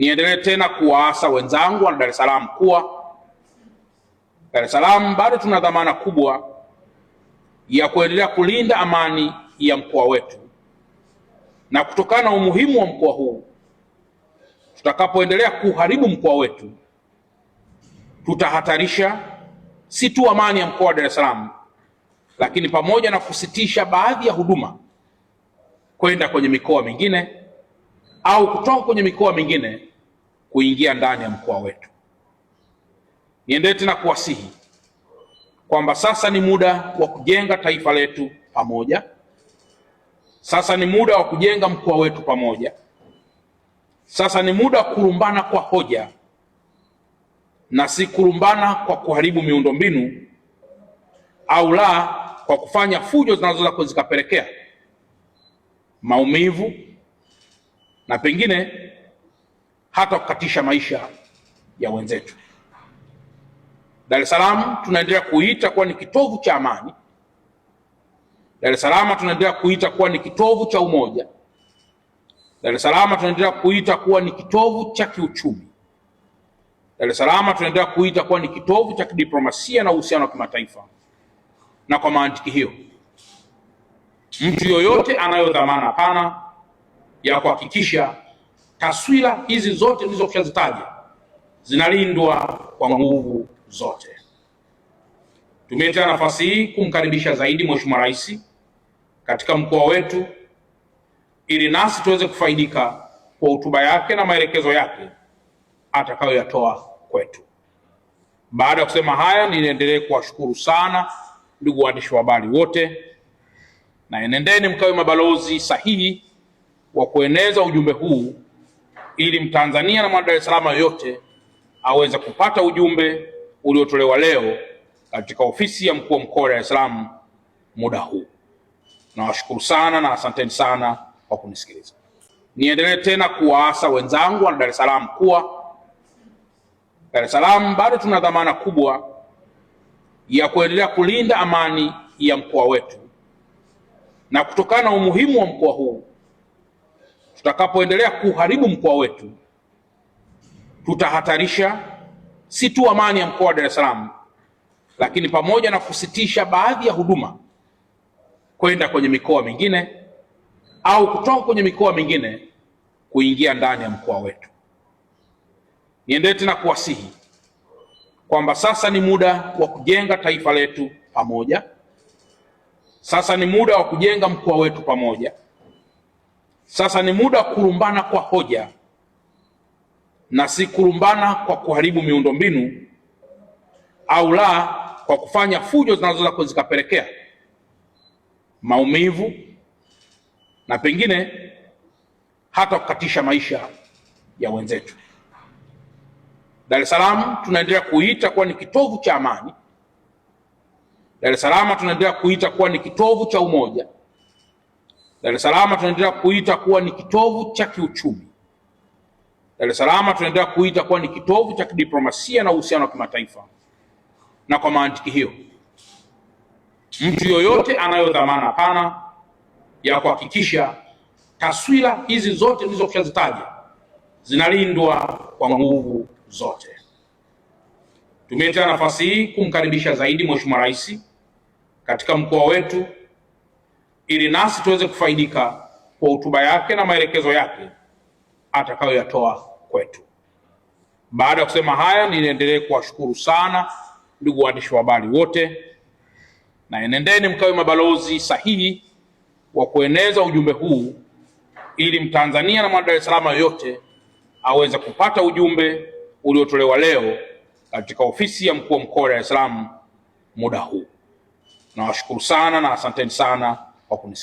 niendelee tena kuwaasa wenzangu wana Dar es Salaam kuwa Dar es Salaam bado tuna dhamana kubwa ya kuendelea kulinda amani ya mkoa wetu, na kutokana na umuhimu wa mkoa huu, tutakapoendelea kuharibu mkoa wetu tutahatarisha si tu amani ya mkoa wa Dar es Salaam, lakini pamoja na kusitisha baadhi ya huduma kwenda kwenye mikoa mingine au kutoka kwenye mikoa mingine kuingia ndani ya mkoa wetu. Niendelee tena kuwasihi kwamba sasa ni muda wa kujenga taifa letu pamoja. Sasa ni muda wa kujenga mkoa wetu pamoja. Sasa ni muda wa kurumbana kwa hoja na si kurumbana kwa kuharibu miundombinu au la kwa kufanya fujo zinazoweza zikapelekea maumivu na pengine hata kukatisha maisha ya wenzetu. Dar es Salaam tunaendelea kuita kuwa ni kitovu cha amani. Dar es Salaam tunaendelea kuita kuwa ni kitovu cha umoja. Dar es Salaam tunaendelea kuita kuwa ni kitovu cha kiuchumi. Dar es Salaam tunaendelea kuita kuwa ni kitovu cha kidiplomasia na uhusiano wa kimataifa. Na kwa mantiki hiyo, mtu yoyote anayo dhamana pana ya kuhakikisha Taswira hizi zote nilizokushazitaja zinalindwa kwa nguvu zote. Tumeita nafasi hii kumkaribisha zaidi Mheshimiwa Rais katika mkoa wetu ili nasi tuweze kufaidika kwa hotuba yake na maelekezo yake atakayoyatoa kwetu. Baada ya kusema haya, niendelee kuwashukuru sana ndugu waandishi wa habari wote, na enendeni mkawe mabalozi sahihi wa kueneza ujumbe huu ili Mtanzania na mwana Dar es Salaam yoyote aweze kupata ujumbe uliotolewa leo katika ofisi ya mkuu wa mkoa wa Dar es Salaam muda huu. Nawashukuru sana na asanteni sana kwa kunisikiliza. Niendelee tena kuwaasa wenzangu wana Dar es Salaam kuwa Dar es Salaam bado tuna dhamana kubwa ya kuendelea kulinda amani ya mkoa wetu, na kutokana na umuhimu wa mkoa huu Tutakapoendelea kuharibu mkoa wetu, tutahatarisha si tu amani ya mkoa wa Dar es Salaam, lakini pamoja na kusitisha baadhi ya huduma kwenda kwenye mikoa mingine au kutoka kwenye mikoa mingine kuingia ndani ya mkoa wetu. Niendelee tena kuwasihi kwamba sasa ni muda wa kujenga taifa letu pamoja. Sasa ni muda wa kujenga mkoa wetu pamoja. Sasa ni muda wa kurumbana kwa hoja na si kurumbana kwa kuharibu miundombinu au la kwa kufanya fujo zinazoweza zikapelekea maumivu na pengine hata kukatisha maisha ya wenzetu. Dar es Salaam tunaendelea kuita kuwa ni kitovu cha amani. Dar es Salaam tunaendelea kuita kuwa ni kitovu cha umoja. Dar es Salaam tunaendelea kuita kuwa ni kitovu cha kiuchumi. Dar es Salaam tunaendelea kuita kuwa ni kitovu cha kidiplomasia na uhusiano wa kimataifa. Na kwa mantiki hiyo, mtu yoyote anayo dhamana pana ya kuhakikisha taswira hizi zote nilizokushazitaja zinalindwa kwa nguvu zote. Tumetea nafasi hii kumkaribisha zaidi Mheshimiwa Rais katika mkoa wetu ili nasi tuweze kufaidika kwa hotuba yake na maelekezo yake atakayoyatoa kwetu. Baada ya kusema haya, niendelee kuwashukuru sana ndugu waandishi wa habari wote, na enendeni mkawe mabalozi sahihi wa kueneza ujumbe huu ili Mtanzania na mwana Dar es Salaam yoyote aweze kupata ujumbe uliotolewa leo katika ofisi ya mkuu wa mkoa wa Dar es Salaam muda huu. Nawashukuru sana na asanteni sana. ao como